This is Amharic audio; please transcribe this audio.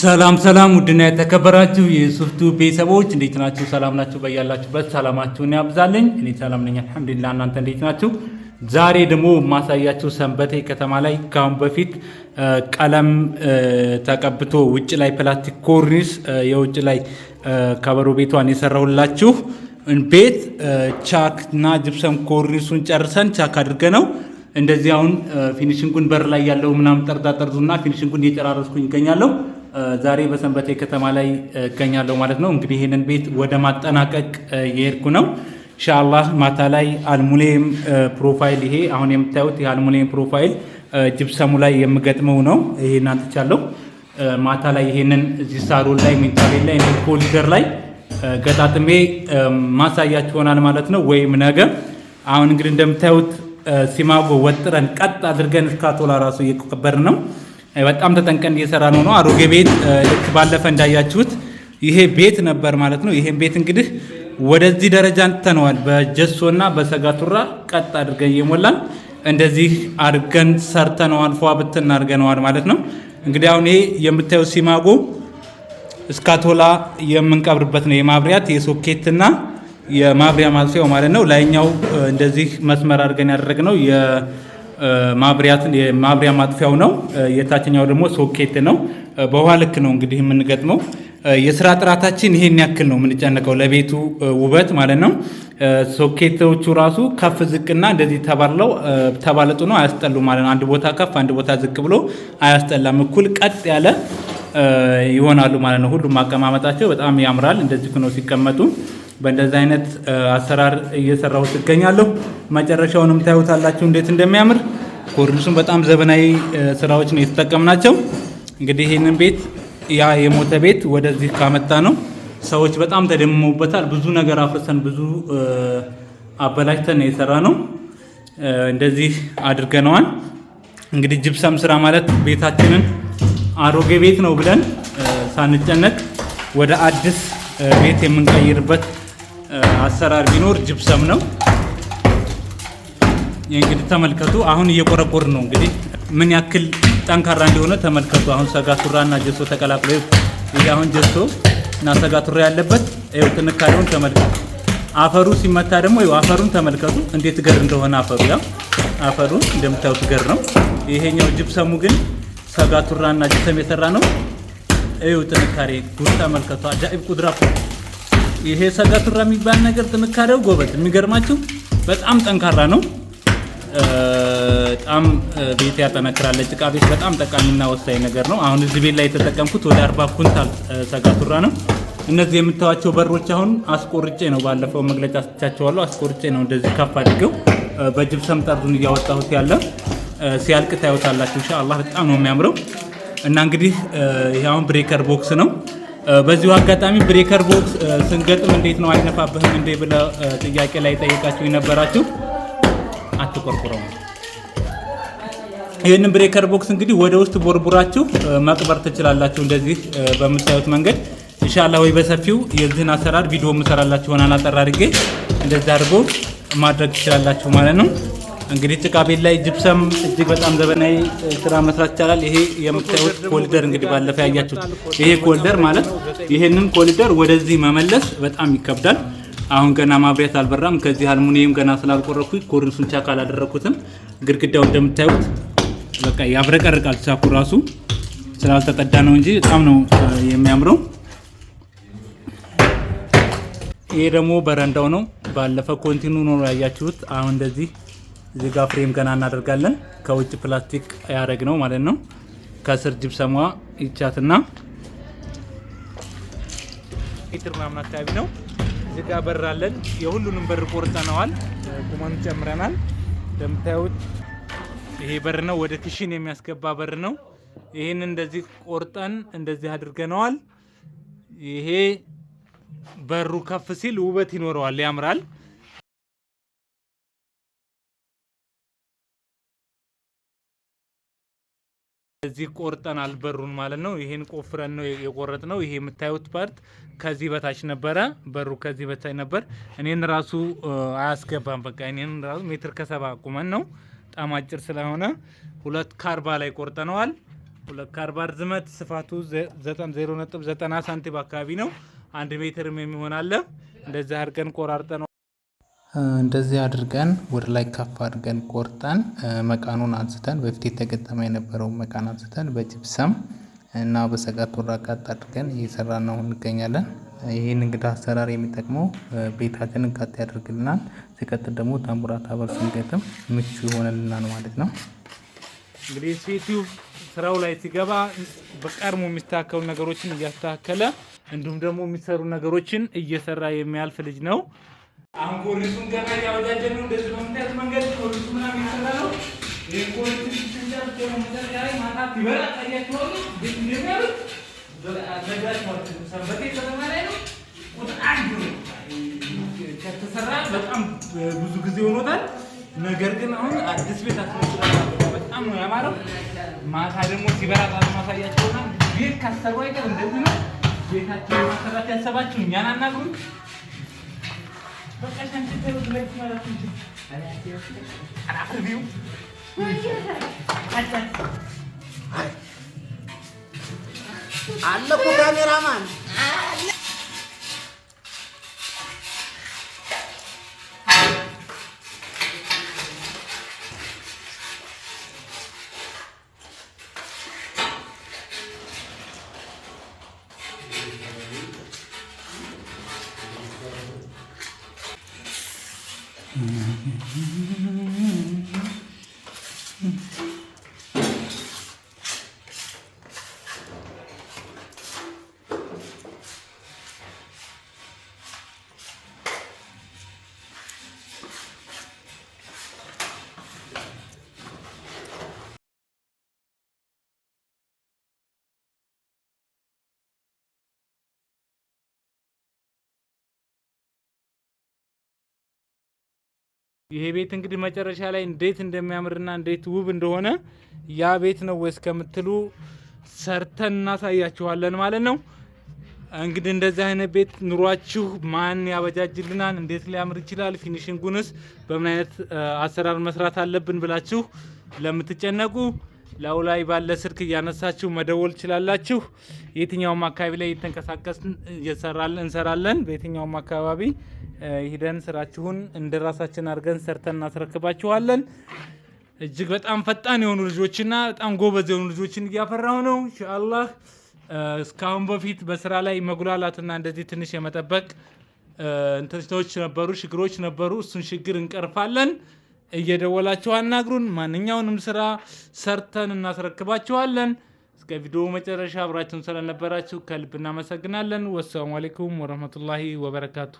ሰላም ሰላም፣ ውድና የተከበራችሁ የሱፍቱ ቤተሰቦች እንዴት ናችሁ? ሰላም ናችሁ? በያላችሁበት ሰላማችሁን ያብዛልኝ። እኔ ሰላም ነኝ አልሐምዱሊላ። እናንተ እንዴት ናችሁ? ዛሬ ደግሞ ማሳያችሁ ሰንበቴ ከተማ ላይ ካሁን በፊት ቀለም ተቀብቶ ውጭ ላይ ፕላስቲክ ኮርኒስ የውጭ ላይ ከበሮ ቤቷን የሰራሁላችሁ ቤት ቻክ እና ጅብሰም ኮርኒሱን ጨርሰን ቻክ አድርገ ነው እንደዚህ አሁን ፊኒሽንጉን በር ላይ ያለው ምናምን ጠርዛ ጠርዙና ፊኒሽንጉን እየጨራረስኩኝ ይገኛለሁ። ዛሬ በሰንበቴ ከተማ ላይ እገኛለሁ ማለት ነው። እንግዲህ ይህንን ቤት ወደ ማጠናቀቅ እየሄድኩ ነው። ኢንሻአላህ ማታ ላይ አልሙኒየም ፕሮፋይል፣ ይሄ አሁን የምታዩት የአልሙኒየም ፕሮፋይል ጅብሰሙ ላይ የምገጥመው ነው። ይሄን አንጥቻለሁ። ማታ ላይ ይሄንን እዚህ ሳሎን ላይ ሚንታ ላይ ኮሊደር ላይ ገጣጥሜ ማሳያችሁ ይሆናል ማለት ነው። ወይም ነገ አሁን እንግዲህ እንደምታዩት ሲማጎ ወጥረን ቀጥ አድርገን እስካቶላ ራሱ እየቀበርን ነው። በጣም ተጠንቀን እየሰራ ነው ነው አሮጌ ቤት ልክ ባለፈ እንዳያችሁት ይሄ ቤት ነበር ማለት ነው። ይሄን ቤት እንግዲህ ወደዚህ ደረጃ በጀሶ በጀሶና በሰጋቱራ ቀጥ አድርገን እየሞላን እንደዚህ አድርገን ሰርተነዋል። ፏ ብትና አድርገነዋል ማለት ነው። እንግዲህ አሁን ይሄ የምታየው ሲማጎ እስካቶላ የምንቀብርበት ነው። የማብሪያት የሶኬትና የማብሪያ ማጥፊያው ማለት ነው። ላይኛው እንደዚህ መስመር አድርገን ያደረግነው ማብሪያትን የማብሪያ ማጥፊያው ነው። የታችኛው ደግሞ ሶኬት ነው። በውሃ ልክ ነው እንግዲህ የምንገጥመው። የስራ ጥራታችን ይሄን ያክል ነው የምንጨነቀው ለቤቱ ውበት ማለት ነው። ሶኬቶቹ ራሱ ከፍ ዝቅና እንደዚህ ተባለው ተባለጡ ነው አያስጠሉ ማለት ነው። አንድ ቦታ ከፍ አንድ ቦታ ዝቅ ብሎ አያስጠላም። እኩል ቀጥ ያለ ይሆናሉ ማለት ነው። ሁሉም አቀማመጣቸው በጣም ያምራል። እንደዚህ ነው ሲቀመጡ በእንደዚህ አይነት አሰራር እየሰራሁት እገኛለሁ። መጨረሻውንም ታዩታላችሁ እንዴት እንደሚያምር። ኮርኒሱን በጣም ዘመናዊ ስራዎች ነው የተጠቀምናቸው። እንግዲህ ይህንን ቤት ያ የሞተ ቤት ወደዚህ ካመጣ ነው ሰዎች በጣም ተደምመውበታል። ብዙ ነገር አፍርሰን ብዙ አበላሽተን ነው የሰራ ነው። እንደዚህ አድርገነዋል። እንግዲህ ጅብሰም ስራ ማለት ቤታችንን አሮጌ ቤት ነው ብለን ሳንጨነቅ ወደ አዲስ ቤት የምንቀይርበት አሰራር ቢኖር ጅብሰም ነው። እንግዲህ ተመልከቱ። አሁን እየቆረቆር ነው። እንግዲህ ምን ያክል ጠንካራ እንደሆነ ተመልከቱ። አሁን ሰጋቱራ እና ጀሶ ተቀላቅሎ ይሄ አሁን ጀሶ እና ሰጋቱራ ያለበት ይኸው ጥንካሬውን ተመልከቱ። አፈሩ ሲመታ ደግሞ ይኸው አፈሩን ተመልከቱ እንዴት ገር እንደሆነ አፈሩ ያው አፈሩ እንደምታዩት ገር ነው። ይሄኛው ጅብሰሙ ግን ሰጋቱራ እና ጅብሰም የሰራ ነው። ይኸው ጥንካሬ ጉድ ተመልከቱ። አጃኢብ ቁድራ ይሄ ሰጋቱራ የሚባል ነገር ጥንካሬው ጎበዝ፣ የሚገርማችሁ በጣም ጠንካራ ነው። በጣም ቤት ያጠነክራለች። ጭቃ ቤት በጣም ጠቃሚና ወሳኝ ነገር ነው። አሁን እዚህ ቤት ላይ የተጠቀምኩት ወደ አርባ ኩንታል ሰጋቱራ ነው። እነዚህ የምታዋቸው በሮች አሁን አስቆርጬ ነው፣ ባለፈው መግለጫ ስቻቸዋለሁ። አስቆርጬ ነው እንደዚህ ከፍ አድርገው በጅብሰም ጠርዙን እያወጣሁት ያለ ሲያልቅ ታዩታላችሁ። ኢንሻአላህ በጣም ነው የሚያምረው እና እንግዲህ ይሄ አሁን ብሬከር ቦክስ ነው። በዚሁ አጋጣሚ ብሬከር ቦክስ ስንገጥም እንዴት ነው አይነፋብህም እንዴ ብለ ጥያቄ ላይ ጠየቃችሁ የነበራችሁ አትቆርቁረው። ይህንን ብሬከር ቦክስ እንግዲህ ወደ ውስጥ ቦርቡራችሁ መቅበር ትችላላችሁ። እንደዚህ በምታዩት መንገድ ኢንሻአላህ ወይ በሰፊው የዚህን አሰራር ቪዲዮ ምሰራላችሁ ሆናል። አጠራ አድርጌ አድርጎ ማድረግ ትችላላችሁ ማለት ነው። እንግዲህ ጭቃ ቤት ላይ ጅብሰም እጅግ በጣም ዘመናዊ ስራ መስራት ይቻላል። ይሄ የምታዩት ኮሊደር እንግዲህ ባለፈ ያያችሁት ይሄ ኮሊደር ማለት ይሄንን ኮሊደር ወደዚህ መመለስ በጣም ይከብዳል። አሁን ገና ማብሪያት አልበራም። ከዚህ አልሙኒየም ገና ስላልቆረኩ ኮርኒሱን ቻክ አላደረኩትም። ግድግዳው እንደምታዩት በቃ ያብረቀርቃል። ቻኩ ራሱ ስላልተቀዳ ነው እንጂ በጣም ነው የሚያምረው። ይሄ ደግሞ በረንዳው ነው። ባለፈ ኮንቲኑ ኖሮ ያያችሁት። አሁን እንደዚህ እዚህ ጋር ፍሬም ገና እናደርጋለን። ከውጭ ፕላስቲክ ያደረግ ነው ማለት ነው። ከስር ጅብሰሟ ይቻትና ሜትር ምናምን አካባቢ ነው። እዚህ ጋር በር አለን። የሁሉንም በር ቆርጠነዋል፣ ቁመን ጨምረናል። እንደምታዩት ይሄ በር ነው፣ ወደ ክሽን የሚያስገባ በር ነው። ይህን እንደዚህ ቆርጠን እንደዚህ አድርገነዋል። ይሄ በሩ ከፍ ሲል ውበት ይኖረዋል፣ ያምራል። እዚህ ቆርጠናል በሩን ማለት ነው። ይሄን ቆፍረን ነው የቆረጥ ነው። ይሄ የምታዩት ፓርት ከዚህ በታች ነበረ፣ በሩ ከዚህ በታች ነበር። እኔን ራሱ አያስገባም። በቃ እኔን ራሱ ሜትር ከሰባ ቁመን ነው፣ በጣም አጭር ስለሆነ ሁለት ካርባ ላይ ቆርጠነዋል። ሁለት ካርባ ርዝመት ስፋቱ 0.90 ሳንቲም አካባቢ ነው። አንድ ሜትርም የሚሆን አለ። እንደዚህ አድርገን ቆራርጠ ነው እንደዚህ አድርገን ወደ ላይ ከፍ አድርገን ቆርጠን መቃኑን አንስተን በፊት የተገጠመ የነበረውን መቃን አንስተን በጅብሰም እና በሰጋት ወራቃት አድርገን እየሰራ ነው እንገኛለን። ይህን እንግዲ አሰራር የሚጠቅመው ቤታችን ቀጥ ያደርግልናል። ሲቀጥል ደግሞ ታምቡራት አበር ስንገጥም ምቹ ይሆነልናል ማለት ነው። እንግዲህ ዩቲዩብ ስራው ላይ ሲገባ በቀድሞ የሚስተካከሉ ነገሮችን እያስተካከለ እንዲሁም ደግሞ የሚሰሩ ነገሮችን እየሰራ የሚያልፍ ልጅ ነው። አሁን ኮሪሱን ገና ያወጃጀ ነው። እንደዚህ በምታያት መንገድ ኮሪሱ ምናምን የሚሰራ ነው። ይህ ኮሪሱ ከተሰራ በጣም ብዙ ጊዜ ሆኖታል። ነገር ግን አሁን አዲስ ቤት በጣም ነው ያማረው። ማታ ደግሞ ሲበራ ማሳያቸውና ቤት ካሰሩ አይቀር እንደዚህ ነው ቤታቸውን ማሰራት ያሰባቸው እኛን አናግሩኝ። Anda ku kameraman. Anda. Mm-hmm. ይሄ ቤት እንግዲህ መጨረሻ ላይ እንዴት እንደሚያምርና እንዴት ውብ እንደሆነ ያ ቤት ነው ወይስ ከምትሉ ሰርተን እናሳያችኋለን ማለት ነው። እንግዲህ እንደዚህ አይነት ቤት ኑሯችሁ ማን ያበጃጅልናል? እንዴት ሊያምር ይችላል? ፊኒሽንጉንስ በምን አይነት አሰራር መስራት አለብን ብላችሁ ለምትጨነቁ ላውላይ ላይ ባለ ስልክ እያነሳችሁ መደወል ችላላችሁ የትኛውም አካባቢ ላይ እየተንቀሳቀስ እንሰራለን። በየትኛውም አካባቢ ሂደን ስራችሁን እንደ ራሳችን አድርገን ሰርተን እናስረክባችኋለን። እጅግ በጣም ፈጣን የሆኑ ልጆችና በጣም ጎበዝ የሆኑ ልጆችን እያፈራሁ ነው ኢንሻአላህ። እስካሁን በፊት በስራ ላይ መጉላላትና እንደዚህ ትንሽ የመጠበቅ እንትኖች ነበሩ፣ ችግሮች ነበሩ። እሱን ችግር እንቀርፋለን። እየደወላችሁ አናግሩን። ማንኛውንም ስራ ሰርተን እናስረክባችኋለን። እስከ ቪዲዮ መጨረሻ አብራችሁን ስለነበራችሁ ከልብ እናመሰግናለን። ወሰላሙ አሌይኩም ወረህመቱላሂ ወበረካቱ።